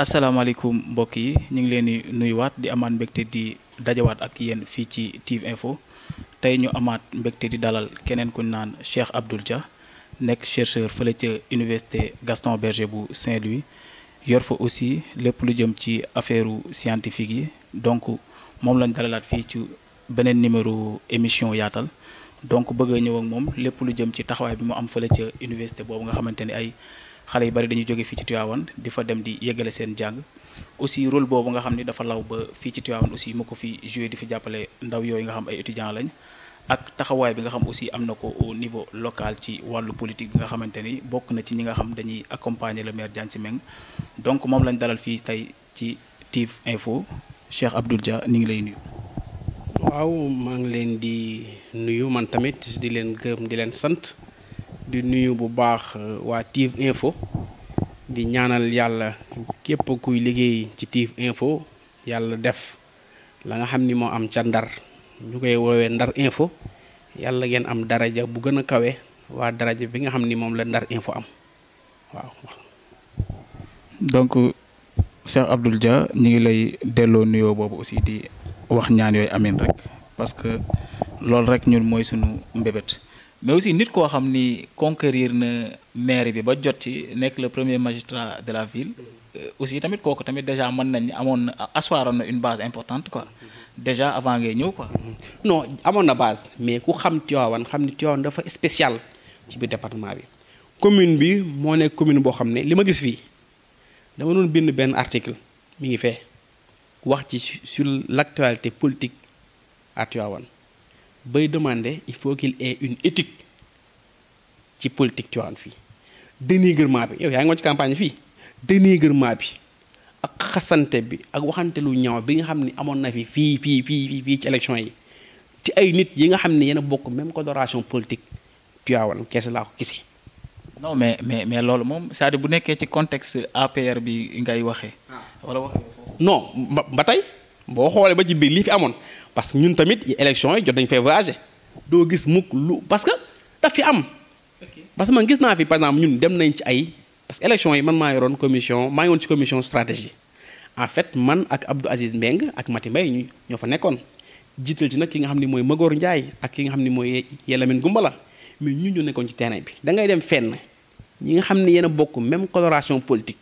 asalaamaaleykum mbokk yi ñu ngi leen di nuyuwaat di amaat mbégte di dajawaat ak yéen fii ci Tiv Info tey ñu amaat mbégte di dalal keneen ku naan Cheikh Abdoul Dia nekk chercheur fële ca université Gaston Berger bu Saint-Louis yor fa aussi lépp lu jëm ci affaire scientifique yi donc moom lañ dalalaat fii ci beneen numéro émission yaatal donc bëgg a moom lépp lu jëm ci taxawaay bi mu am fële ca université boobu nga xamante ni ay. xalé yi bari dañu joggé fi ci Tivaouane difa dem di yeggale sen jang aussi rôle bobu nga xamni dafa law ba fi ci Tivaouane aussi mako fi jouer difa jappalé ndaw yoy nga xam ay étudiants lañ ak taxaway bi nga xam aussi am ko au niveau local ci walu politique nga xamanteni ni bokk na ci ñi nga xam dañuy accompagner le maire Diagne Sy donc mom lañ dalal fi tay ci tif info Cheikh Abdoul Dia ni ngi lay nuyu. waaw ma ngi leen di nuyu man tamit di leen gërëm di leen sant. di nuyu bu baax eh, wa tif info di ñaanal yalla képp kuy liggéey ci TIV info yalla def la nga xamni ni am ca ndar ñu koy ndar info yalla gën am daraja bu gëna kawé kawe daraja bi nga xamni ni la ndar info am waaw donc cheikh abdul dia ñi ngi lay delo nuyo bobu aussi di wax ñaan yoy amin rek parce que loolu rek ñun moy suñu mbébét mais aussi nit koo xam conquérir na maire bi ba jot ci nekk le premier magistrat de la ville euh, aussi tamit koko tamit déjà man nañ amone na na une base importante quoi déjà avant ngay ñëw quoi. Mm-hmm. non amone na base mais ku xam Tivaouane xam ni Tivaouane dafa spécial ci bi département bi commune bi mo nek commune bo xam lima gis fi dama doon bind ben article mi ngi fee wax ci sur l'actualité politique à Tivaouane bay demander il faut qu'il ait une éthique ci politique tuan fi dénigrement bi yow yaa ngi ci campagne fi dénigrement bi ak xasante bi ak waxante lu ñaaw bi nga xamni ne na fi fi fi fi, fii ci élection yi ci ay nit yi nga xamni yena bokk même coloration politique Tivaouane kese la ko gisee. non mais mais mais loolu mom c'est-à-dire bu nekké ci contexte APR bi ngay waxé ah. wala waxee non ba bo xolé ba ci biir li fi amone parce que ñun tamit élection yi jot nañ fee voyager do gis mukk lu parce que daf fi am. parce que man gis na fi par exemple ñun dem nañ ci ay parce que élection yi man ma yoron commission ma ngi won ci commission stratégie en fait man ak Abdou Aziz Mbeng ak Mati Mbay ñu ñoo fa nekkoon jiital ci nak ki nga xamni moy Magor ndjay ak ki nga xamni moy yelamine Gumbala mais ñun ñu nekkoon ci terrain bi. da ngay dem fenn ñi nga xamni yena bokku même coloration politique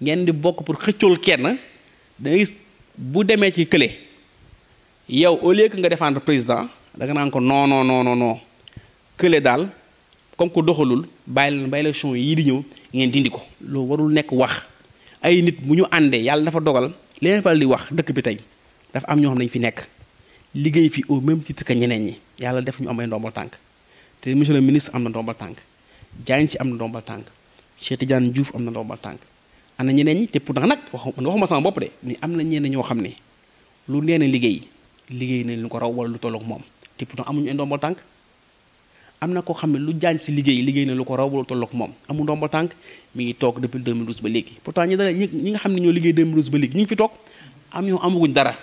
ngeen di bokku pour xëccool kenn da ngay bu demee ci kële yow au lieu que nga défendre président da nga naan ko noo noo noo noo kële daal comme ko doxalul bàyyi bay ba élection yii di ñëw ngeen dindi ko loo warul nekk wax ay nit mu ñu àndee yàlla dafa dogal leneen fal di wax dëkk bi tey dafa am ñoo xam dañu fi nekk liggéey fi au même ci que ñeneen ñi yàlla def ñu am ay ndombal tànk te monsieur le ministre am na ndombal tànk Diagne si am na ndombal tànk Cheikh Tidiane Diouf am na ndombal tànk am na ñeneen ñi te pourtant nag waxuma sama bopp de mais am na ñeneen ñoo xam ne lu nee liggéey liggéey nañ lu ko raw wala lu tollook moom te pourtant amuñu ay ndombal tànk am na koo xam ne lu jaañ si liggéey liggéey na lu ko raw wala lu tollook moom amul ndombal tànk mu ngi toog depuis 2012 ba léegi pourtant ñi dara ñi nga xam ne ñoo liggéey 2012 ba léegi ñu ngi fi toog am ñoo amaguñ dara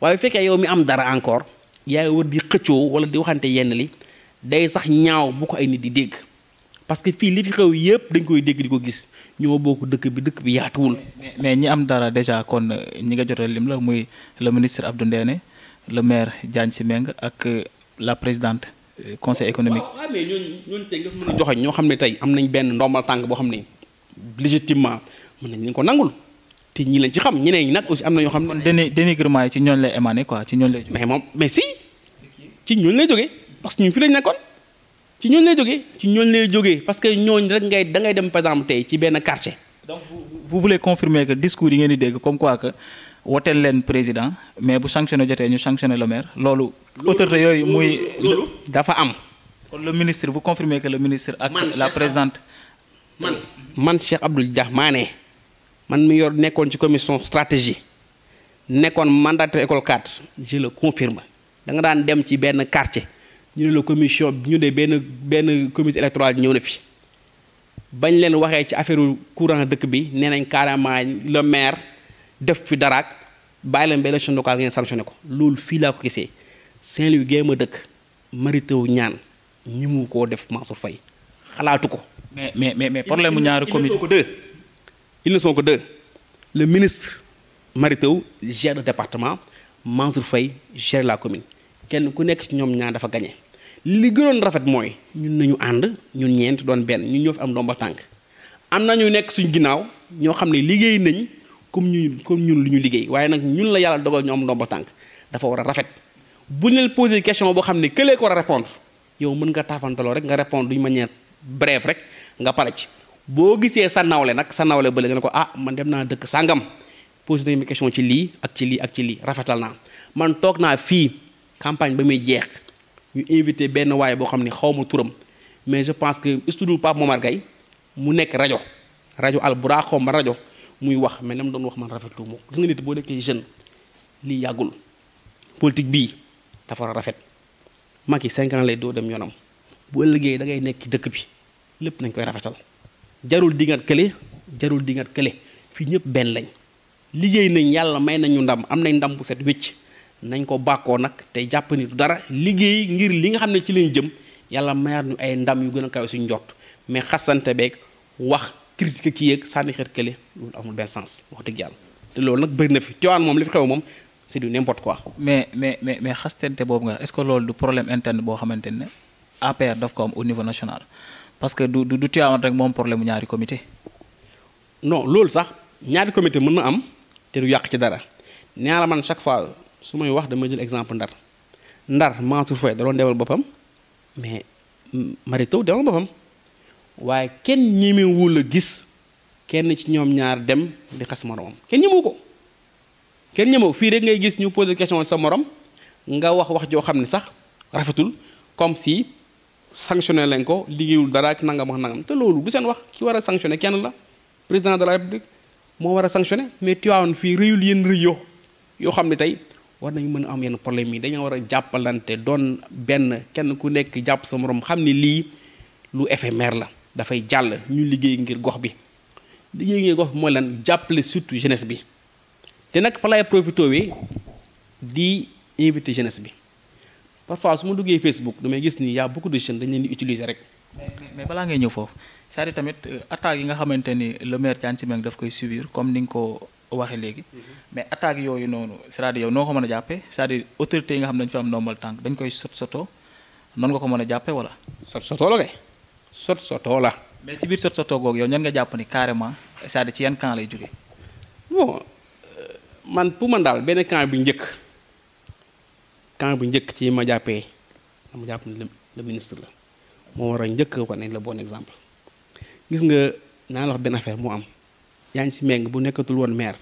waaye fekkee yow mi am dara encore yaay war di xëccoo wala di waxante yenn li day sax ñaaw bu ko ay nit di dégg parce que fii li fi xew yëpp dañ koy dégg di ko gis ñoo bokk dëkk bi dëkk bi yaatuwul. mais ñi am dara déjà kon euh, ñi nga jotal lim la muy le ministre Abdou Ndéné le maire Diagne Simeng ak euh, la présidente euh, conseil économique. waaw ñoo xam ne tey am nañ benn ndombal tànk boo xam ne légitimement mën nañ leen ko nangul. te ñi lañ ci xam ñeneen ñi nag aussi am na ñoo xam. kon déni dénigrement yi ci ñooñu lay émané quoi ci ñooñu mais moom mais ci ñooñu lay jógee parce que ñun fi lañ nekkoon. ci ñooñu lay jógee ci ñooñu lay jógee parce que ñooñu rek ngay da ngay dem par exemple tey ci ben quartier. donc vous voulez confirmer que discours yi ngeen di dégg comme quoi que woteel len président mais bu sanctionné jotee ñu sanctionné le maire lolu autorité yoy muy. dafa am. kon le ministre vous confirmez que le ministre. ak la présente. man man Cheikh Abdoul Dia maane man mi yor nekkoon ci commission stratégie nekkoon mandataire école 4 je le confirme da nga daan dem ci ben quartier ñu la commission ñu ne benn benn comité électoral ñëw na fi bañ leen waxee ci affaire courant dëkk bi nee nañ carrément le maire def fi daraak bàyyi leen ba élection locale ngeen sanctionné ko loolu fii laa ko gisee Saint-Louis géem a dëkk maritaw ñaan ñi mu koo def Mansour Faye xalaatu ko. mais mais mais problème mu ñaari comité ils ne sont que deux ils ne sont que deux le ministre maritaw gère le département Mansour Faye gère la commune kenn ku nekk ci ñoom ñaan dafa gagné. li gënoon rafet mooy ñun nañu ànd ñun ñeent doon benn ñu ñoo fi am domba tànk am na ñu nekk suñ ginnaaw ñoo xam ne liggéey nañ comme ñu comme ñun lu ñu liggéey waaye nag ñun la yàlla dogal ñu am ndomba tànk dafa war a rafet bu ñu leen posé question boo xam ne këlee ko war a répondre yow mën nga taafantaloo rek nga répondre ma manière brève rek nga pare ci boo gisee sa nawle nag sa nawle bële nga ne ko ah man dem naa dëkk sàngam posé nañu ma question ci lii ak ci lii ak ci lii rafetal naa man toog naa fii campagne ba muy jeex ñu invité benn waaye boo ne turam mais je pense que studio Pape Momar mon mu nekk rajo rajo radio xaw rajo muy wax mais nam wax man rafetlu gis jeune politique bii dafa rafet ans lay doo dem yonam bu ëllëgee da bi koy jarul dingat kële jarul dingat kële fii ñëpp benn lañ liggéey nañ yàlla may nañu ndam am nañ ndam bu set nañ ko bàkkoo nag te jàpp ni dara liggéey ngir li nga xam ne ci lañ jëm yàlla mayaat ñu ay ndam yu gën a kawe suñ njott mais xasante beeg wax critique kii yeeg sànni xeet kële loolu amul benn sens wax dëgg yàlla te loolu nag bëri na fi Tivaouane moom li fi xew moom c'est du n'importe quoi. mais mais mais mais xastante boobu nga est interne boo xamante ne APR daf ko am au niveau national parce que du du du Tivaouane rek moom problème mu ñaari comité. no loolu sax ñaari comité mën na am te yàq ci dara su may wax dama jël exemple ndar ndar Mansour Faye da doon demal boppam mais Mary Teuw demal boppam waaye kenn ñemewul a gis kenn ci ñoom ñaar dem di xas moromam kenn ñemewu ko kenn ñemewu fii rek ngay gis ñu poser question sa morom nga wax wax joo xam ne sax rafetul comme si sanctionné lañ ko liggéeyul dara ak nangam wax nangam te loolu bu seen wax ki war a sanctionné kenn la président de la république moo war a sanctionné mais Tivaouane fii réyul yéen yoo xam ne tey war nañu mën a am yenn problème yi dañoo war a jàppalante doon benn kenn ku nekk jàpp sa moroom xam ni lii lu éphémère la dafay jàll ñu liggéey ngir gox bi liggéey ngir gox bi mooy lan jàppale surtout jeunesse bi te nag fa laay profité wi di invité jeunesse bi parfois su ma duggee Facebook damay gis ni y a beaucoup de jeunes dañ leen di utiliser rek. mais balaa ngay ñëw foofu c'est-à-dire tamit euh, attaques yi nga xamante ni le maire Thiane Sy Mbengue daf koy subir comme ni nga ko. waxee léegi mais attaque yooyu noonu c'est-à-dire yow noo ko mën a jàppee c'est-à-dire yi nga xam ne dañu fi am ndombal tànk dañ koy sot soto noonu nga ko mën a jàppee wala sot soto la kay sot soto la mais ci biir sot soto googu yow ñan nga jàpp ni carrément cest ci yan camp lay jógee bon euh, man pour man daal benn camp bu njëkk camp bu njëkk ci ma jàppee dama jàpp ne le ministre la moo war a njëkk wane la bon exemple gis nga naa la wax benn affaire moo am yaa ngi si meng bu nekkatul woon maire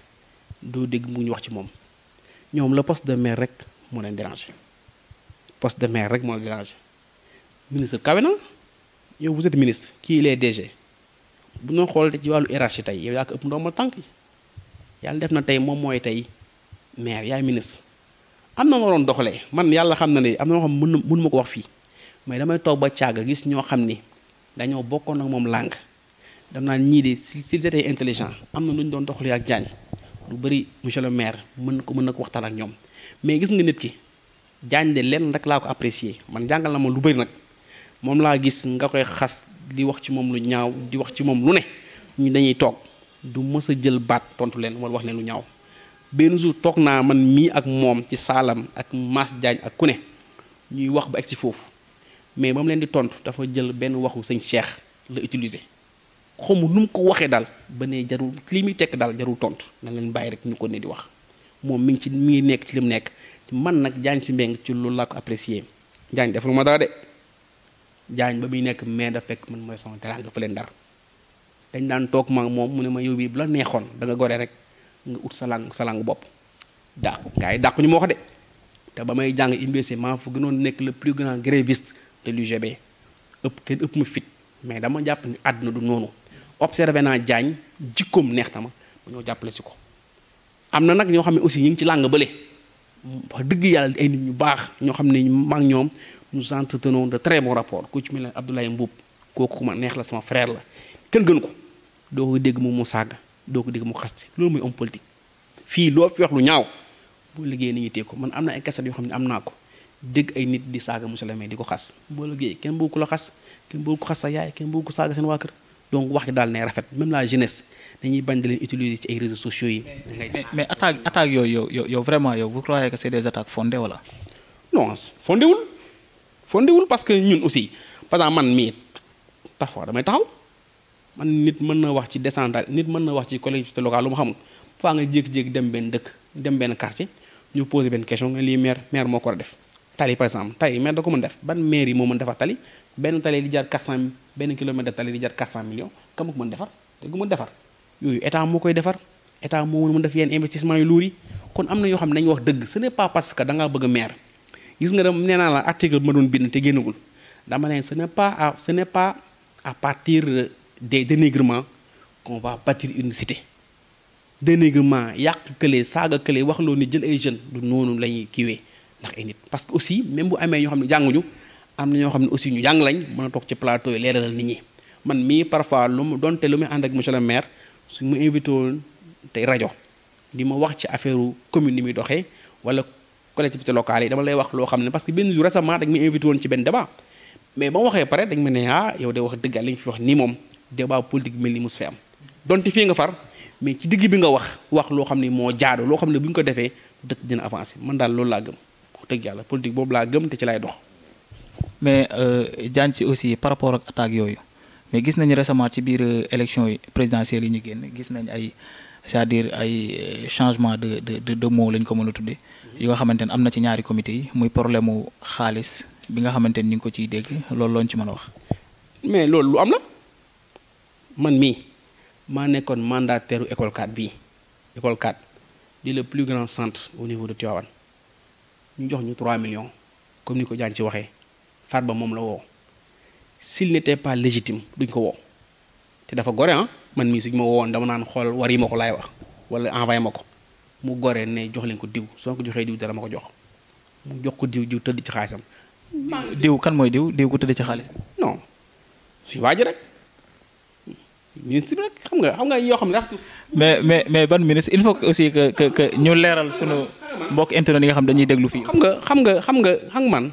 doo dégg mu ñu wax ci moom ñoom la poste de maire rek moo leen déranger poste de maire rek moo leen déranger ministre kawe na yow vous êtes ministre kii il est bu noo xool ci wàllu hiérarchie tey yow yaa ko ëpp ndoomal tànk yi yàlla def na tey moom mooy tey maire yaay ministre am na waroon doxalee man yàlla xam na ne am na loo xam mën mën ma ko wax fii mais damay toog ba càgg gis ñoo xam ni dañoo bokkoon ak moom làng dam naa ñii de s'ils étaient intelligent am na lu ñu doon doxalee ak Diagne lu bëri monsieur le maire mën na ko mën na ko waxtaan ak ñoom mais gis nga nit ki Diagne de lenn rek laa ko apprécier man jàngal na ma lu bari nag moom laa gis nga koy xas di wax ci moom lu ñaaw di wax ci moom lu ne ñu dañuy toog du mës a jël baat tontu leen wala wax leen lu ñaaw benn jour toog naa man mii ak moom ci saalam ak Mass Diagne ak ku ne ñuy wax ba egg si foofu mais ba mu leen di tontu dafa jël benn waxu sëñ Cheikh la utiliser. xomu num ko waxe dal ba ne jarul limi tek dal jarul tont na leen bay rek ñuko ne di wax mom mi ngi ci mi ngi nekk ci lim mu nekk man nak jaañ ci mbeng ci lu la ko apprécier jaañ deful ma da de jaañ ba mi nekk mais da fek man moy sama terang fa leen dar dañ dan tok ma mom mu ne ma yow bi bla neexon da nga gore rek nga ut salang salang bop da bopp dàqu gars yi ñu ma wax de te ba may jàng UMBC ma fu gënon nekk le plus grand gréviste de l'UGB ëpp kenn ëpp ma fit mais dama japp ni aduna du observé naa jaañ jikkoom neex na ma ma ñoo jàppale si ko am na nag ñoo xam ne aussi ñu ngi ci làng bële wax dëgg yàlla ay nit ñu baax ñoo xam ne maag ñoom nous entretenons de très bons rapports ku ci mel ne Abdoulaye Mbuub kooku ma neex la sama frère la kenn gën ko doo ko dégg moom mu sàgg doo ko dégg mu xas xaste loolu mooy homme politique fii loo fi wax lu ñaaw boo liggéey ni ñu teg ko man am na ay kaset yoo xam ne am naa ko dégg ay nit di saaga monsieur le maire di ko xas boo liggéey kenn bëgg ko la xas kenn bëgg ko xas sa yaay kenn bëgg ko saaga seen waa kër donc wax dal rafet même la jeunesse dañuy bañ utiliser réseaux sociaux mais attaque vraiment vous croyez que c'est des attaques fondées wala. non fondé sont parce que ñun aussi par exemple man mi parfois damay man nit na wax ci nit na wax ci collectivité locale lu ma xamul nga dem dem quartier ñu question nga maire par exemple maire da benn tali di jar 400 benn kilomètre de tali di jar 400 millions kam ko mën defar te gu mën defar yooyu état moo koy defar état moo mën def yenn investissement yu luur yi kon am na yoo xam ne wax dëgg ce n'est pas parce que da ngaa bëgg maire gis nga dama nee naa la article ma bind te génnagul dama ne ce n'est pas à ce n'est pas à partir des dénigrements qu'on va bâtir une cité dénigrement yàq kële saaga kële wax loo ni jël ay jeunes du noonu la ñuy kiiwee ndax ay nit parce que aussi même bu amee ñoo xam ne jànguñu amna na ñoo xam aussi ñu jàng lañ mëna tok ci plateau yi leeralal nit ñi man mi parfois lu mu donté lu muy and ak monsieur le maire su mu invité won tay radio di ma wax ci affaireu commune ni mi doxé wala collectivité locale yi dama lay wax lo xamni parce que ben jour récemment dañ ma invité won ci ben débat mais ba ma waxee pare dañ ma né ha ah, yow de wax dëgg li ñu fi wax ni mom débat politique mel ni mus fi am donté fi nga far mais ci digg bi nga wax wax lo xamni mo jaadu lo xamni buñ ko défé dëkk dina avancer man dal lool la gëm wax dëgg yalla politique bobu la gëm té ci lay dox mais Diagne euh, si aussi par rapport ak attaque yooyu mais gis nañu récemment ci biir euh, élection yi présidentielles yi ñu génn gis nañ ay cest à ay euh, changement de de de de lañ ko mën a tuddee. Mhm. yoo xamante ne am na ci ñaari comité yi muy problème mu xaalis bi nga xamante ni ñu ngi ko ciy dégg loolu looñ ci mën a wax. mais loolu lu am la man mii maa nekkoon mandataire école 4 bi école 4 di le plus grand centre au niveau de Tivaouane ñu jox ñu 3 millions comme ni ko Diagne ci waxee. Farba mom la wo s'il n'était pas légitime duñ ko wo té dafa goré ah man mi suñ ma woon dama nan xol wari ma ko lay wax wala envoyé mako mu goré né jox leen ko diw soo ko joxé diw dara ma ko jox mu jox ko diw diw teud ci xaalisam. diw kan moy diw diw ko teud ci xaalis. non suñu waji rek ministre rek xam nga xam nga yo xam ne mais mais mais ban ministre il faut que aussi que que que ñu léral suñu mbokk internet yi nga xam dañuy déglu fi xam nga xam nga xam nga xam man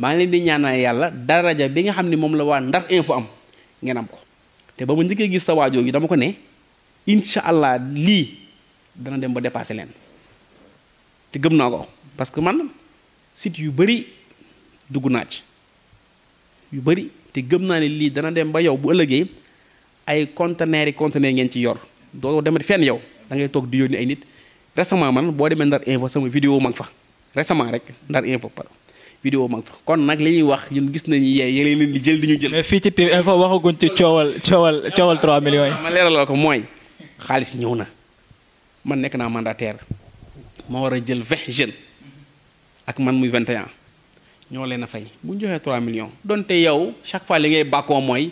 maa ngi leen di ñaanal yàlla daraja bi nga xam ne moom la waa Ndar info am ngeen am ko te ba ma njëkkee gis sa waajoo gi dama ko ne incha allah lii dana dem ba dépassé leen te gëm naa ko parce que man site yu bëri dugg naa ci yu bëri te gëm naa ni lii dana dem ba yow bu ëllëgee ay conteneurs yi conteneurs ngeen ci yor doo demati fenn yow da ngay toog di yónni ay nit récemment man boo demee Ndar info sama vidéo ma ngi fa récemment rek Ndar info vidéo mag fa kon nag li ñuy wax ñun gis nañu yee yéen leen di jël di ñu jël. mais fii ci te info waxaguñ ci coowal coowal coowal 3 millions yi. ma leeralal ko mooy xaalis ñëw na man nekk naa mandataire ma war a jël 20 jeunes ak man muy 21 ñoo leen a fay bu ñu joxee 3 millions donte yow chaque fois li ngay bàkkoo mooy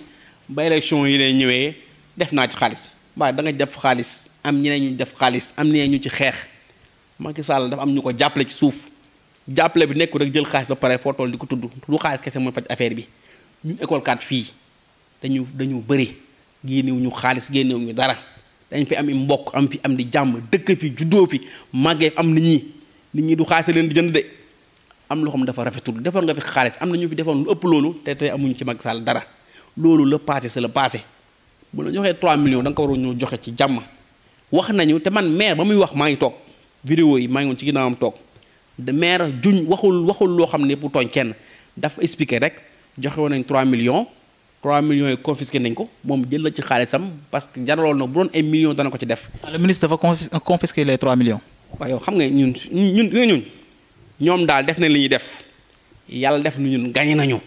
ba élection yi lay ñëwee def naa ci xaalis waaye da nga def xaalis am ñeneen ñu def xaalis am ñeneen ñu ci xeex Macky Sall dafa am ñu ko jàppale ci suuf. jàppale bi nekkul rek jël xaalis ba pare foo toll di ko tudd du xaalis kese mooy faj affaire bi ñu école kat fii dañu dañu bëri génnewu ñu xaalis génnewuñu dara dañ fi am i mbokk am fi am di jàmm dëkk fi juddoo fi màggee am nit ñi nit ñi du xaalis leen jënd am loo xam dafa rafetul defar nga fi xaalis am na ñu fi defoon lu ëpp loolu te tey amuñu ci Macky Sall dara loolu le passé c'est le passé bu la joxee 3 millions da nga ko waroon ñoo joxe ci jàmm wax nañu te man maire ba muy wax maa ngi toog vidéo yi maa ngi woon ci ginnaawam toog maire juñ waxul waxul loo xam ne bu tooñ kenn dafa expliqué rek joxe woon nañ 3 millions 3 millions yi confisqué nañ ko moom jël la ci xaalisam parce que jaraloon na bu doon ay millions dana ko ci def. le ministre dafa confisqué les 3 millions. waaw yow xam nga ñun ñun dina ñun ñoom daal def nañ li ñuy def yàlla def nu ñun gañe nañu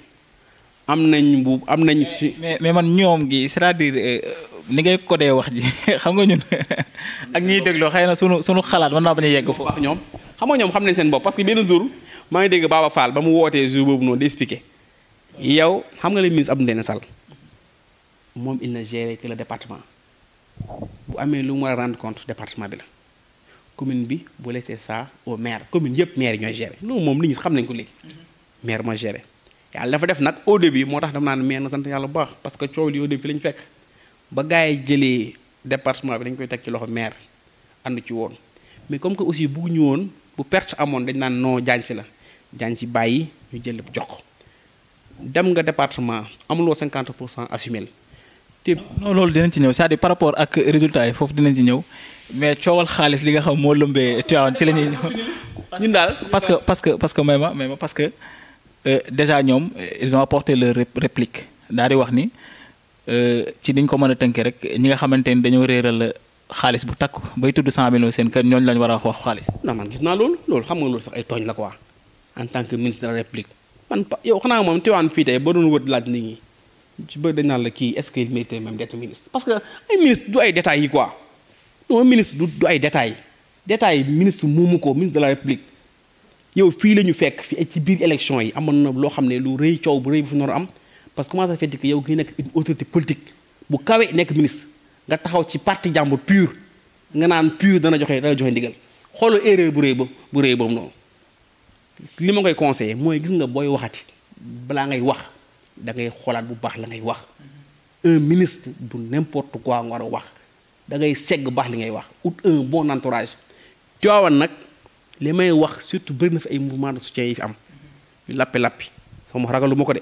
am nañ bu am nañ. mais mais man ñoom gi ni ngay codé wax ji xam nga ñun ak ñi déglu xëy na suñu sunu xalaat man na bañ a yegg foofu. ñom xam nga ñom xam nañ seen bop parce que benn jour ma ngi dégg Baba Fall ba mu wootee jour bobu non d'expliquer yow xam nga le ministre Abdou Ndéné Sall moom il ne gère que le département bu amé lu mo war rendre compte département bi la commune bi bu laisser ça au maire commune yépp maire ñoy ñooy géré loolu moom nit xam nañ ko légui mm-hmm. maire mo géré yalla dafa def nak au début motax tax dama naan maire na sant yàlla bu baax parce que coow li au début lañ fekk ba gaay yi jëlee département bi dañ koy teg ci loxo maire ànd ci woon mais comme que aussi bugg ñu woon bu perte amoon dañ naan non jaañ si la jaañ si bàyyi ñu jël jox dem nga département amuloo 50 pour cent assumé te non loolu dinañ ci ñëw c'est-à-dire par rapport ak résultat yi foofu dinañ ci ñëw mais coowal xaalis li nga xam moo lëmbee Tivaouane ci la ñuy ñëw. ñun daal parce que parce que parce que may ma may ma parce que euh, déjà ñoom ils ont apporté leur réplique daal di wax ni. ci niñ ko mën a tënkee rek ñi nga xamante ni dañoo réeral xaalis bu takku bay tudd 100 millions seen kër ñooñu lañ war a wax xaalis. non man gis naa loolu loolu xam nga loolu fii dañ naan la kii est-ce qu'il mérite même d'être ministre parce que ay ministre du ay détails yi quoi non ministre du ay détails ministre moomu ko ministre de la république yow fii la ñu fekk fii ci biir élection yi amoon na loo xam ne lu rëy coow bu rëy bu fi nar am. parce que comment ça fait que yow ngay nekk une autorité politique bu kawee nekk ministre nga taxaw ci parti jàmbur pur nga naan pur dana joxe dana joxe ndigal xoolal erreur bu rëy ba bu rëy boobu noonu li ma koy conseillé mooy gis nga booy waxati balaa ngay wax dangay xoolaat bu baax la ngay wax un ministre du n'importe quoi nga war a wax da ngay segg baax li ngay wax ut un bon entourage coowan nag li may wax surtout bëri fi ay mouvement de soutien am ñu lappi-lappi sama ragalu ma ko de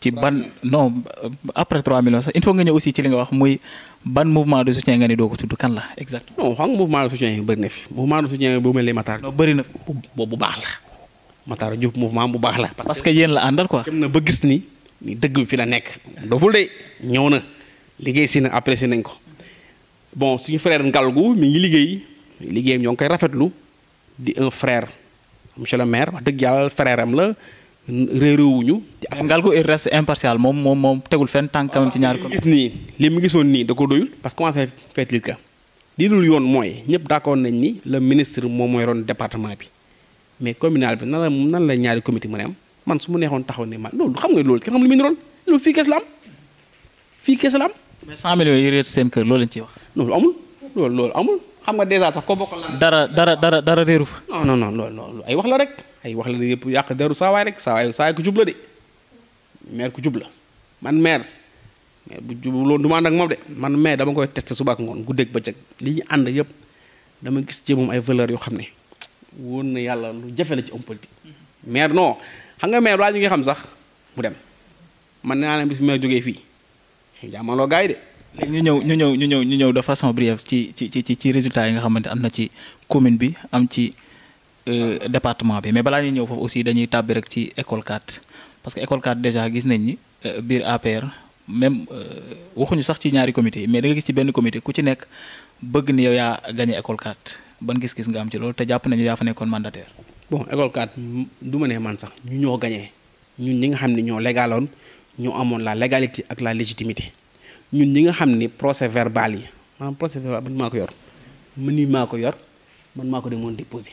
ci ban non après 3 millions il faut nga ñëw aussi ci li nga wax muy ban mouvement de soutien nga ni doo ko tudd kan la exact non xam mouvement de soutien yi bëri na fi mouvement de soutien bu mel ni Matar non bëri na bu baax la Matar Diop mouvement bu baax la parce que la quoi na ba gis ni ni dëgg fi la nekk doful de ñëw na liggéey si na apprécié nañ ko bon suñu frère Ngalgu mi ngi liggéey liggéeyam ñoo ngi rafetlu di un frère monsieur le maire wax dëgg yàlla frère am la réeréwuñu. Ngalgou il reste impartial moom moom moom tegul fenn tànk quand même ci ñaari ko nii li mu gisoon nii da ko doyul parce que commencé fait-il que li dul yoon mooy ñëpp d'accord nañ ni le ministre moom mooy ron département bi mais communal bi nan la nan la ñaari comité mën a man su mu neexoon taxaw ne ma loolu xam nga loolu kenn xam lu mu ron loolu fii kes la am fii kees la am. mais millions yi réer seen kër loolu lañ ciy wax. loolu amul loolu loolu amul xam nga déjà sax ko dara dara dara dara réeru fa. non non non wax la rek. ay wax la de yëpp yàq deru saa rek saa waay saa waay ku de maire ku jubla man maire maire bu jub loolu du ma ak moom de man maire dama koy testé suba ak ngoon guddeeg bëccëg li ñu ànd yëpp dama gis ci moom ay valeur yoo xam ne wóor na yàlla lu jafe ci homme politique maire non nga maire laa ñu ngi xam sax mu dem man naa leen bis maire jógee fii jaamaloo gars yi de. ñu ñëw ñu ñëw ñu ñëw ñu ñëw de façon brève ci ci ci ci résultat yi nga xamante am na ci commune bi am ci. Euh, département bi mais bala ñu ñëw fofu aussi dañuy tàbbi rek ci école 4 parce que école 4 déjà gis nañ ni euh, biir APR même euh, waxuñu sax ci ñaari comité mais da nga gis ci benn comité ku ci nekk bëgg ni yow yaa gagné école 4 ban gis-gis nga am ci loolu te jàpp nañu yaa fa nekkoon mandataire. bon école 4 du ma ne man sax ñu ñoo gagné ñun ñi nga xam ne ñoo légaloon ñu amoon la légalité ak la légitimité ñun ñi nga xam ni procès verbal yi maanaam procès verbal man maa ko yor man mii maa ko yor man maa ko demoon déposé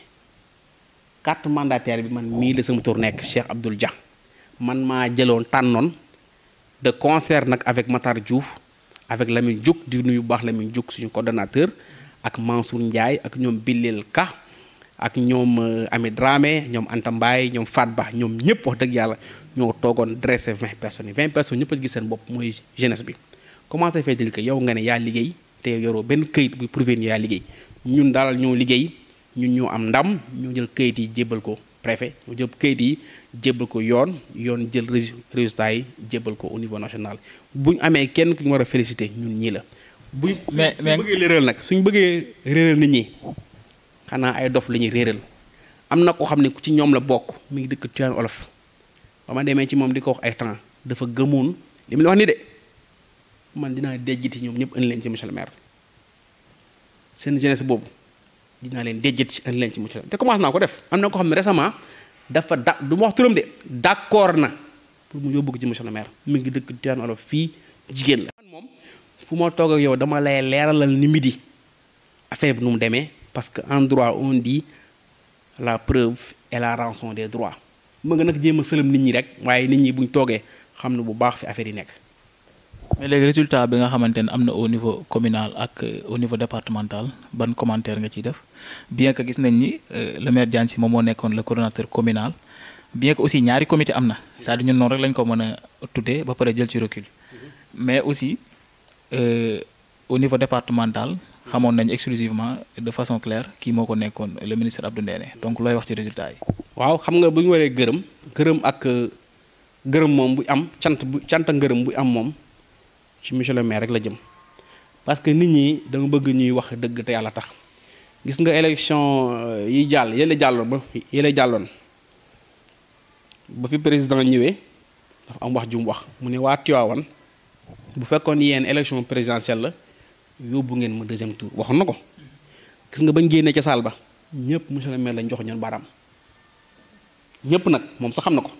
carte mandataire bi man mi le sama tour nek Cheikh Abdoul Dia man ma jëloon tannon de concert nak avec Matar Diouf avec Lamine Diouk di nuyu bax Lamine Diouk suñu coordonnateur ak Mansour ndjay ak ñom bilil Ka ak ñom euh, Ami Dramé ñom Anta Mbaye ñoom Fat Ba ñoom wax deug yalla ñoo togon dresser 20 personnes 20 personnes ñepp a gis seen bop moy jeunesse bi comment ça fait-il que yow nga ne yaa liggéey te yoro ben keuyit bu prouver ya liguey ñun daal ñoo liguey ñun ñu am ndam ñu jël kayit yi jébbal ko préfet ñu jël kayit yi jébbal ko yoon yoon jël résultat yi jébbal ko au niveau national bu ñu amee kenn ki ñu war a félicité ñun ñii la. bu mais mais suñ bëggee réeral nag suñ bëggee réeral nit ñi xanaa ay dof lañuy ñuy réeral am na ko xam ne ku ci ñoom la bokk mi ngi dëkk Tivaouane olof ba ma demee ci moom di ko wax ay temps dafa gëmoon li mu la wax ni de man dinaa déjjiti ñoom ñëpp indi leen ci monsieur seen jeunesse boobu. dinaa leen déjjët ci andi leen ci mucc te commencé naa ko def am na ko xam ne récemment dafa da du ma wax turam de d' accord na pour mu yóbbu ci monsieur le maire mi ngi dëkk Tivaouane Olof fii jigéen la. man moom fu ma toog yow dama lay leeralal ni midi affaire bi nu mu demee parce que en droit on di la preuve et la rançon des droits mën nga nag jéem a sëlëm nit ñi rek waaye nit ñi buñ toogee xam na bu baax fi affaire yi nekk. mais les résultats bi nga xamantene amna au niveau communal ak euh, au niveau départemental ban commentaire nga ci def bien que gis nañ ni euh, le maire Diagne Sy moom moo le coordinateur communal bien que aussi ñaari comité amna na cest à ñun non rek lañ ko mëna a ba paré jël ci recul mm-hmm. mais aussi euh, au niveau départemental xamoon nañ exclusivement de façon claire qui moko ko le ministre Abdou Ndene donc loy wax ci résultats yi. waaw xam nga buñu ñu waree gërëm gërëm ak gërëm mom bu am cyant bu cant bu am mom ci monsieur le maire rek la jëm parce que nit ñi da nga bëgg ñuy wax dëgg te yàlla tax gis nga élection euh, yi jàll yële jàlloon ba yële jàlloon ba fi président ñëwee dafa am wax jum wax mu ne waa Tiwaawan bu fekkoon yéen élection présidentielle la yóbbu ngeen ma deuxième tour waxoon na ko gis nga bañ génnee ca salle ba ñëpp monsieur le maire lañ jox ñun baram ñëpp nag moom sax xam na ko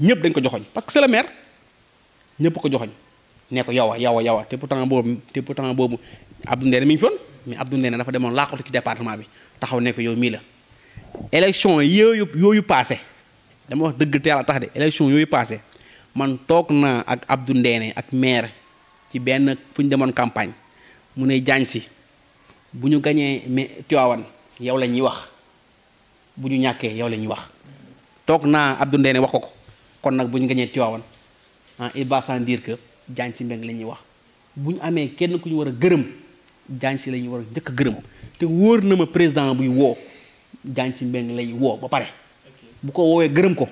ñëpp dañ ko joxoñ parce que c'est le maire ñëpp ko joxoñ ne ko yow a yow yow te pourtant bo te pourtant boobu Abdou ndene mi ngi fi mais Abdou ndene dafa demoon laaxatu ci département bi taxaw ne ko yow mi la election yoyu yoyu passé dama wax deug te yalla tax de election yoyu passé man tok na ak Abdou ndene ak maire ci ben fuñ demone campagne mune ne jaañ si bu ñu mais tiwawan yow lañ ñuy wax buñu ñaké yow lañ ñuy wax tok na Abdou ndene waxoko kon nak buñu gagné tiwawan Tiwaawan ah, il va sans dire que jaañ si mbeng la ñuy wax bu ñu amee kenn ku ñu war a gërëm jaañ si la ñuy war a njëkk gërëm te wóor na ma président buy woo jaañ si mbeng lay woo ba pare bu ko woowee gërëm ko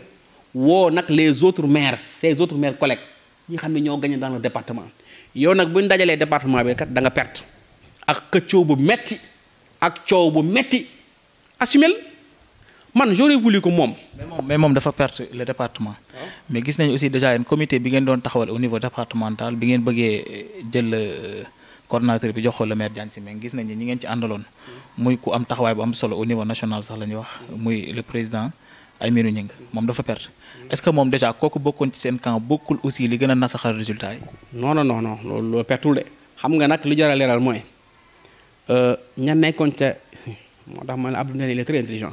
woo nag les autres maires ces autres maires collègues ñi xam ne ñoo gagné dans le département yow nag bu ñu dajalee département bi kat da nga perte ak xëccoo bu metti ak coow bu metti assumel man j'aurais voulu que moi. mais il perdre le département. Ah. mais y a aussi déjà un comité qui au niveau départemental bi le eh, eh, le maire de il y a, un ci qui hmm. muy au niveau national le président Il perdre. est ce que moom déjà que aussi li a résultat non non non non Je ne pas xam nga nak a euh, est très intelligent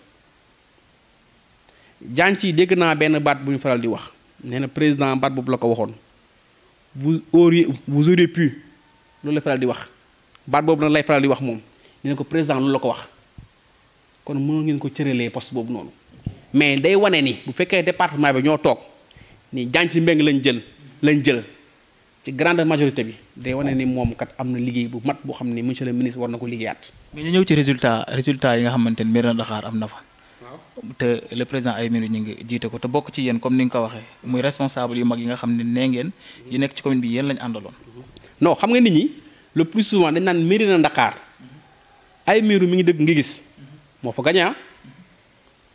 jànc yi dégg naa benn baat bu ñu faral di wax nee na président baat boobu la ko waxoon vous auriez vous auriez pu loolu la faral di wax baat boobu nag lay faral di wax moom nee ko président loolu la ko wax kon mënoon ngeen ko cëralee poste boobu noonu mais day wane ni bu fekkee département bi ñoo toog ni jànc mbeng lañ jël lañ jël ci grande majorité bi day wane ni moom kat am na liggéey bu mat boo xam ne monsieur le ministre war na ko liggéeyaat. mais ñu ñëw ci résultat résultat yi nga xamante ni Mérina Dakhar am na fa. te le président ñi Gningue jiite ko te bokk ci yéen comme ni nga ko waxee muy responsable yu mag yi nga xam ne nee ngeen yi nekk ci commune bi yéen lañu àndaloon. non xam nga nit ñi le plus souvent dañ naan mairie na ay Aymérou mi ngi dëkk ngi gis moo fa gañaa ah.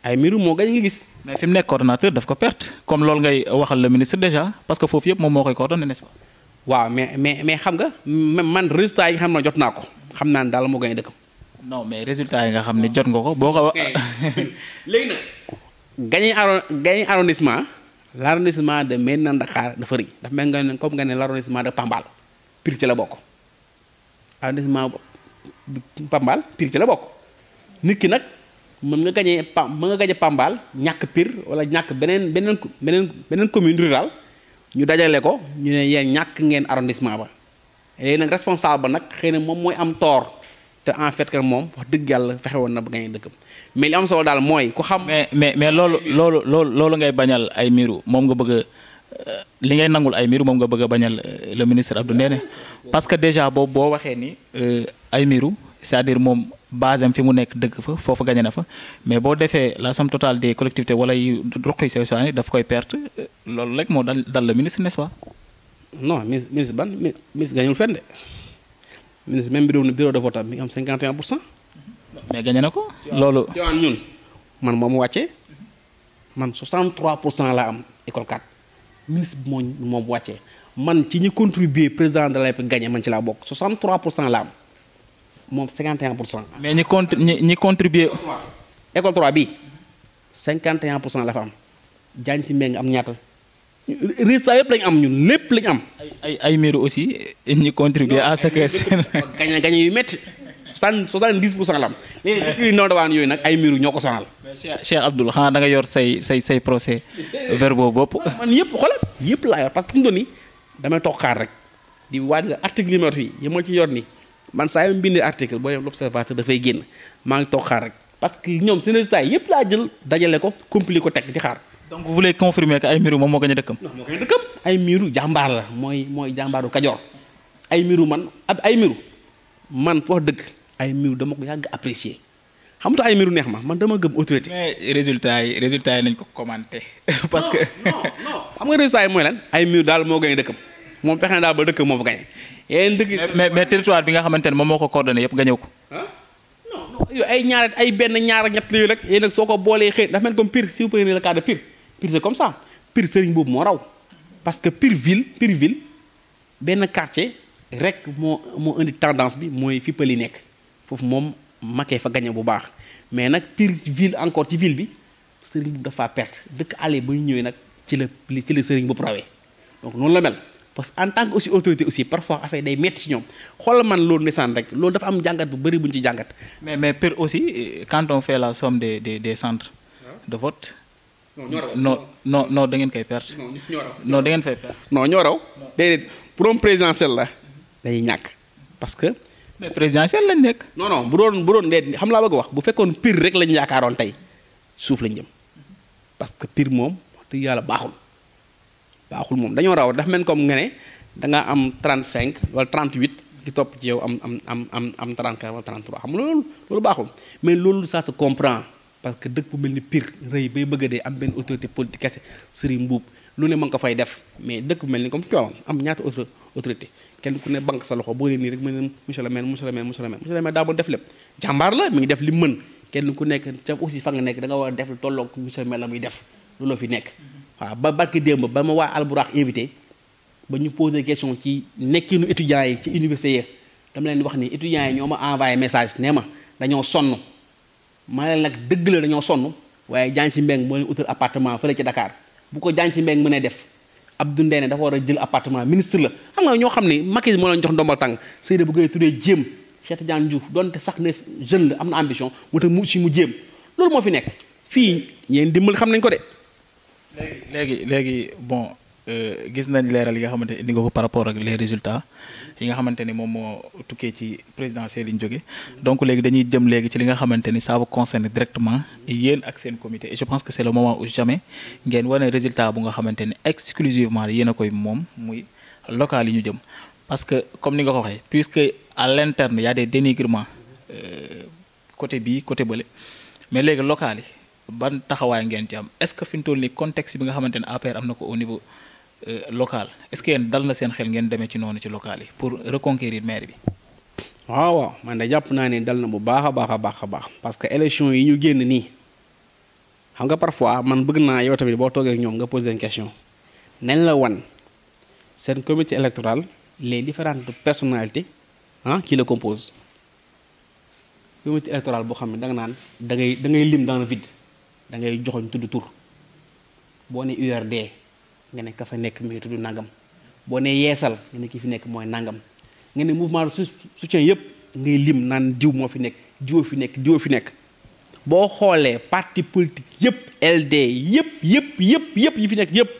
Aymérou moo gañ ngi gis. mais fi mu nekk coordonnateur daf ko perte comme lool ngay waxal le ministre déjà parce que foofu yëpp moom moo koy coordonné n'est-ce pas. waaw mais mais xam nga man résultat yi xam ne jot naa ko xam naa ne daal moo gañ non mais résultat yi nga xam ne jot nga ko boo ko. léegi nag. gagné arron gagné arrondissement l' arrondissement de Médina Dakar dafa rëy dafa mel nga ne comme nga ne l' de Pambal Pire ci la bokk arrondissement Pambal Pire ci la bokk nit ki nag mën nga gagné Pam mën Pambal ñàkk piir wala ñàkk beneen beneen beneen beneen commune rural ñu dajale ko ñu ne yéen ñàkk ngeen arrondissement ba léegi nag responsable ba nag xëy na moom mooy am tort. te en fait que moom wax dëgg yàlla fexe na ba gañe dëkkam mais li am solo daal mooy ku xam. mais mais mais loolu loolu loolu loolu ngay bañal ay miiru moom nga bëgg euh, li ngay nangul ay miiru moom nga bëgg a bañal euh, le ministre Abdou Ndéné parce que déjà boobu boo waxee ni euh, ay miiru c'est-à-dire moom base fi mu nekk dëgg fa foofu gañee na fa mais boo defee la somme totale des collectivités wala yu ruq yu sew saani daf koy perte loolu rek moo dal dal le ministre n'est-ce non ministre ban ministre gañul fenn de mais même bureau bureau de vote am mi ngi 51 mais gagné nako ko. loolu Tivaouane ñun man mom ma man 63 la am école 4 ministre bi mom moom man ci ñi contribuer président de la République gagné man ci la bok 63 la am mom 51 mais ñi cont ñi contribuer. école 3 bi 51 la fa am jaañ ci mbéy am ñaata. résultat yëpp lañ am ñun lépp lañ am. ay ay mairie aussi ñi contribuer à ce que seen. gañe gañe yu métti soixante dix pour cent la am léegi dëkk yooyu nag ay mairie ñoo ko sonal. Cheikh Cheikh xanaa da yor say say say procès verbaux bopp. man yëpp xoolal yëpp laa yor parce que fi mu damay toog xaar rek di waajal article numéro bi yi ma ci yor nii man saa yu mbindee article boo dem l'observateur dafay génn maa ngi toog xaar rek parce que ñoom seen résultat yëpp laa dajale ko compliqué ko teg di donc vous voulez confirmer que Aymirou miiru gagné moo gën a dëkkam. moo gën a dëkkam ay miiru jàmbaar la mooy mooy jàmbaaru Kajoor ay man Aymirou, man wax dëgg Aymirou, miiru dama ko yàgg apprécier xam nga ay miiru neex ma man dama gëm autorité. mais résultat résultat yi nañ ko commenté. parce que non non xam nga résultat yi mooy lan ay miiru daal moo gën a dëkkam. moom na daal ba dëkk moo gagné. gañe yeneen dëkk mais mais territoire bi nga xamante ne moom moo ko coordonné yëpp gañew ko hein? non non ay ñaar ay benn ñaar ak ñett yooyu rek yéen nag soo ko boolee xëy dafa mel comme Pire si vous prenez le cas de Pire Pire c'est comme ça Pire sëriñ boobu moo raw parce que Pire ville Pire ville ben quartier rek mo mo indi tendance bi moy fi pël nek nekk mom maké fa gagner bu baax mais nak Pire ville encore ci ville bi serigne boobu dafa perdre deuk aller bu ñu nak ci le ci le serigne boobu rawé donc non la mel parce que en tant que aussi autorité aussi parfois affaire day metti ci ñoom xoolal man loolu ndeysaan rek loolu dafa am jàngat bu bari buñ ci jàngat. mais mais Pire aussi quand on fait la somme des des des centres hein? de vote. non non non da ngeen koy perte. non da ngeen fay perte. non ñoo raw déedéet borom présidentiel la dañuy ñàkk parce que. mais présidentiel lañ nekk. non non bu doon bu doon déet xam laa bëgg wax bu fekkoon pire rek lañ yaakaaroon tey suuf lañ jëm parce que pire moom wax yàlla baaxul baaxul moom dañoo raw dafa mel comme nga ne da trent cinq 35 trent 38. ki topp ci yow am am am am am 34 wala 33 xam nga loolu loolu baaxul mais loolu ça se comprend. parce que dëkk bu mel ni Pire rëy bay bëgg a dee am benn autorité politique kese Serigne Mbuub lu ne mën ko fay def mais dëkk bu mel ni comme Tivaouane am ñaata autorité kenn ku ne banque sa loxo boo nee nii rek mu ne monsieur le maire monsieur le maire monsieur le maire monsieur le maire daa mën def lépp jàmbaar la mi ngi def li mën kenn ku nekk ca aussi fa nga nekk da nga war a def lu tolloog monsieur le maire la muy def looloo fi nekk waaw ba barki démb ba ma waa Alburax invité ba ñu posé question ci nekkinu étudiants yi ci université ya dama leen wax ni étudiants yi ñoo ma envoyé message nee ma dañoo sonn maa nag dëgg la dañoo sonn waaye jaañ si mbeng moo leen utal appartement fële ci Dakar bu ko jaañ si mbeng mënee def Abdou Ndéné dafa war a jël appartement ministre la xam nga ñoo xam ne Macky moo leen jox ndombal tànk Seydou bu ngay tuddee jéem Cheikh Tidiane Diouf donte sax ne jeune la am na ambition mu te mu si mu jéem loolu moo fi nekk fii ñeen dimbal xam nañ ko de léegi léegi léegi bon Euh, gis nañ leeral yi nga xamante ni nga ko par rapport ak les résultats yi nga xamante ni moom moo tukkee ci présidentiel yi ñu jóge donc léegi dañuy jëm léegi ci li nga xamante ni ça vous concerne directement yéen ak seen comité et je pense que c' est le moment où jamais ngeen wane résultat bu nga xamante ni exclusivement yéen a koy moom muy local yi ñu jëm parce que comme ni nga ko waxee puisque à l' interne y a des dénigrements euh, côté bii côté bële mais léegi local yi ban taxawaay ngeen ci am est ce que fi mu toll nii contexte bi nga xamante ni APR am na ko au niveau euh, local est-ce que yéen dal na seen xel ngeen demee ci nonu ci local yi pour reconquérir maire bi. waaw waaw man de japp naa ne dal na bu baax a baax a baax a baax parce que élection yi ñu génn nii xam nga parfois man bëgg naa yow tamit boo toogee ak ñoom nga poser une question nañ la wan seen comité électoral les différentes personnalités ah qui le compose comité électoral boo xam ne da naan da ngay da ngay lim dans le vide da ngay joxoñ tudd tur boo ne URD. nga ne ka fa nekk mi ngi tudd nangam boo ne yeesal nga ne ki fi nekk mooy nangam nga ne mouvement su soutien yëpp ngay lim naan diw moo fi nekk diwoo fi nekk diwoo fi nekk. boo xoolee parti politique yëpp LD yëpp yëpp yëpp yëpp yi fi nekk yëpp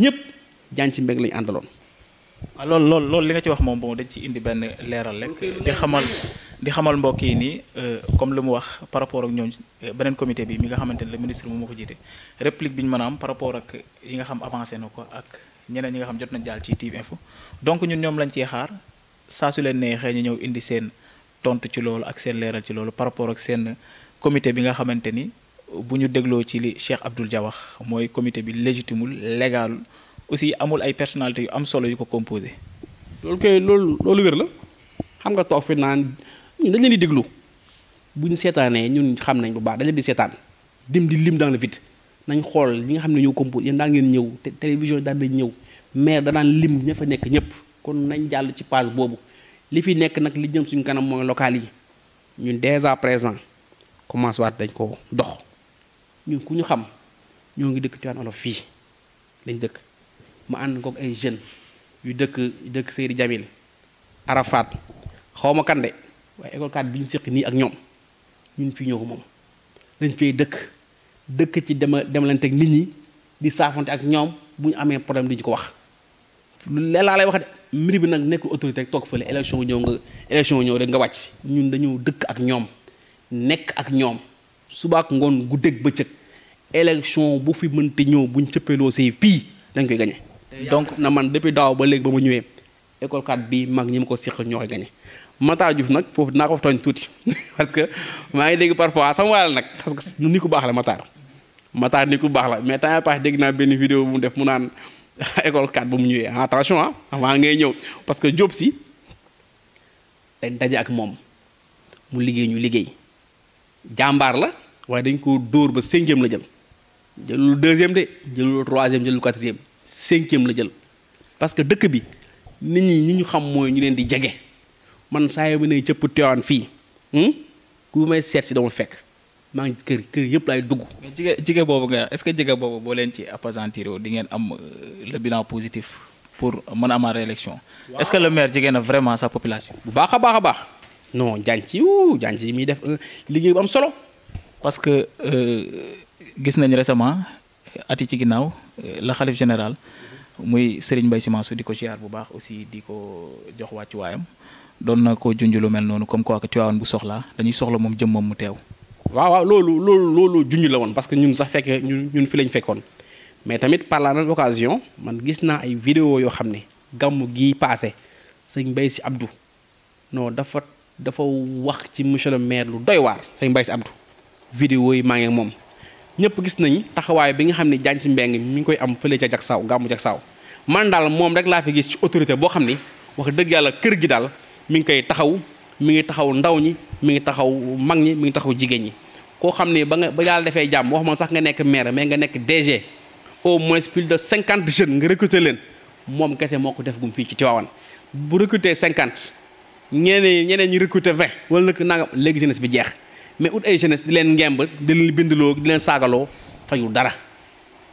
ñëpp jaañ si mbég lañu àndaloon. waaw ah, loolu loolu li nga ci wax moom bon dañ ci indi benn leeral rek di xamal. di xamal mbokk yi nii euh, comme lu mu wax par rapport ak ñoom euh, beneen comité bi mi nga xamante ne ministre mu ma ko jiite réplique bi ñu par rapport ak yi nga xam avancé na ko ak ñeneen ñi nga xam jot nañ daal ci Tiv Info donc ñun ñoom lañ ciy xaar saa su leen neexee ñu ñëw indi seen tontu ci loolu ak seen leeral ci loolu par rapport ak seen comité bi nga xamante ni bu ñu dégloo ci li Cheikh Abdoul Dia mooy comité bi légitimul légal aussi amul ay personnalités yu am solo yu ko composé. ñu dañ leen di déglu bu ñu seetaanee ñun xam nañ bu baax dañ leen di seetaan dim di lim dans le vide nañ xool ñi nga xam ne ñoo compo yéen daan ngeen ñëw te télévision daan nañ ñëw mais danaan lim ña fa nekk ñëpp kon nañ jàll ci page boobu li fi nekk nag li jëm suñ kanam mooy local yi ñun dèjà présent commencé waat dañ ko dox ñu ku ñu xam ñoo ngi dëkk Tivaouane Olof fii dañ dëkk ma ànd ko ay jeunes yu dëkk dëkk Seydi Jamil Arafat xaw ma kan waaye école cadre bi ñu séqi nii ak ñoom ñun fii ñoo ko moom dañ fay dëkk dëkk ci dema demalante ak nit ñi di saafante ak ñoom bu ñu amee problème di ñu ko wax lu laa lay wax de mbir bi nag nekkul autorité rek toog fële élection ñëw nga élection ñëw rek nga si ñun dañoo dëkk ak ñoom nekk ak ñoom subaak ngoon guddeeg bëccëg élection bu fi mën mënti ñëw buñ cëppeloo see fii dañ koy gañe donc na man depuis daaw ba léegi ba ma ñëwee école cadre bi mag ñi ma ko siq ñoo koy Matar Diouf nag foofu dinaa ko fa tooñ tuuti parce que maa ngi dégg parfois sama waayal nag parce que ni ku baax la Matar Matar ni ku baax la mais temps yii dégg naa benn vidéo mu def mu naan école 4 bu mu ñëwee attention ah avant ngay ñëw parce que Diop si dañ daje ak moom mu liggéey ñu liggéey jàmbaar la waaye dañ ko dóor ba cinquième la jël deuxième de jëlul troisième jëlul quatrième cinquième la jël parce que dëkk bi nit ñi ñi ñu xam mooy ñu leen di jege. man saa yoo ne cëpp teewaan fii hmm? ku may seet si dama fekk maa kër kër yëpp laay dugg. mais jigéen boobu nga est-ce que jigéen boobu boo leen ci appesantir di ngeen am euh, le bilan positif pour mën a amaat réélection. est-ce que le maire jigéen vraiment sa population. bu baax a baax a baax non jaañ ci wuu jaañ ci muy def euh, liggéey bu am solo. parce que euh, gis nañ récemment ati ci ginnaaw la xalif général mm-hmm. muy Serigne Mbaye Sy Mansour di ko ziar bu baax aussi di ko jox wàccuwaayam. doon na ko junj lu mel noonu comme quoi que Tivaouane bu soxlaa dañuy soxla moom jëmmam mu teew. waaw waaw loolu loolu loolu junj la woon parce que ñun sax fekk ñun ñun fi lañ fekkoon mais tamit par la man gis naa ay vidéo yoo xam ne gàmmu gii paase sëñ Mbaye Sy Abdou non dafa dafa wax ci monsieur le maire lu doy waar sëñ Mbaye Sy Abdou. vidéo yi maa ngi moom ñëpp gis nañ taxawaay bi nga xam ne jaañ si mbeng mi ngi koy am fële ca jak saaw gàmmu jak man daal moom rek laa fi gis ci autorité boo xam ni wax dëgg yàlla kër gi daal. mi ngi koy taxaw mi ngi taxaw ndaw ñi mi ngi taxaw mag ñi mi ngi taxaw jigéen ñi koo xam ne ba nga ba daal defee jàmm wax man sax nga nekk maire mais nga nekk DG au moins plus de cinquante jeune nga recruter leen moom kese moo ko def gum fii ci Tivaouane bu recruter cinquante ñeneen ñeneen ñu recruter vingt wala nag nangam léegi jeunesse bi jeex mais ut ay jeunesse di leen ngemb di leen bindloo di leen saagaloo fayul dara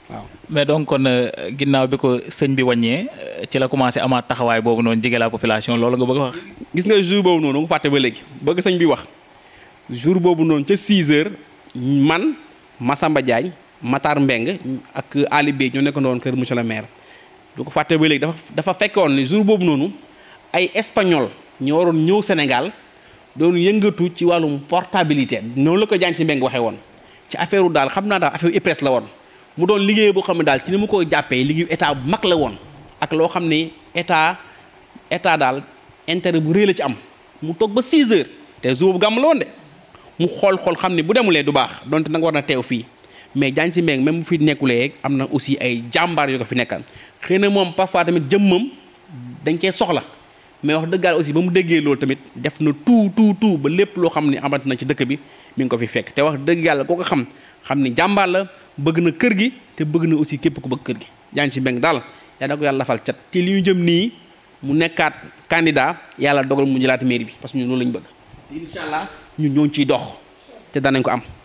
waaw mais donc kon euh, ginnaaw bi ko sëñ bi wàññee euh, ci la commencé amaat taxawaay boobu noonu jege la population loolu nga bëgg a wax. gis nga jour boobu noonu nga fàtte ba bëgg sëñ bi wax jour boobu noonu ca 6 heures man Massamba Diagne Matar Mbeng ak Ali ñoo nekk doon kër monsieur le maire. du ko fàtte ba léegi dafa fekk fekkoon ne jour boobu noonu ay espagnol ñoo waroon ñëw Sénégal doon yëngatu ci wàllum portabilité noonu la ko jaan ci Mbeng waxee woon ci affaire daal xam naa daal affaire IPRES la woon. mu doon liggéey boo xam ne daal ci ni mu koy jàppee liggéeyu état bu mag la woon ak loo xam ni état état daal intérêt bu rëy la ci am mu toog ba 6 heures te jour bu gàmm la woon de mu xool xool xam ni bu demulee du baax donte nag war na teew fii mais Diagne si Mbengue même mu fi nekkulee am na aussi ay jàmbaar yu ko fi nekkal xëy na moom parfois tamit jëmmam dañ koy soxla mais wax dëgg aussi ba mu dëggee loolu tamit def na tout tout tout ba lépp loo xam ne amati na ci dëkk bi mi ngi ko fi fekk te wax dëgg yàlla koo ko xam xam ni jàmbaar la. bëgg na kër gi te bëgg na aussi képp ku bëgg kër gi jaan si mbeng daal yaa da ko yàlla lafal cat ci li ñu jëm nii mu nekkaat candidat yàlla dogal mu jëlaat mairie bi parce que ñun loolu bëgg incha allah ñu ñoo ciy dox te danañ ko am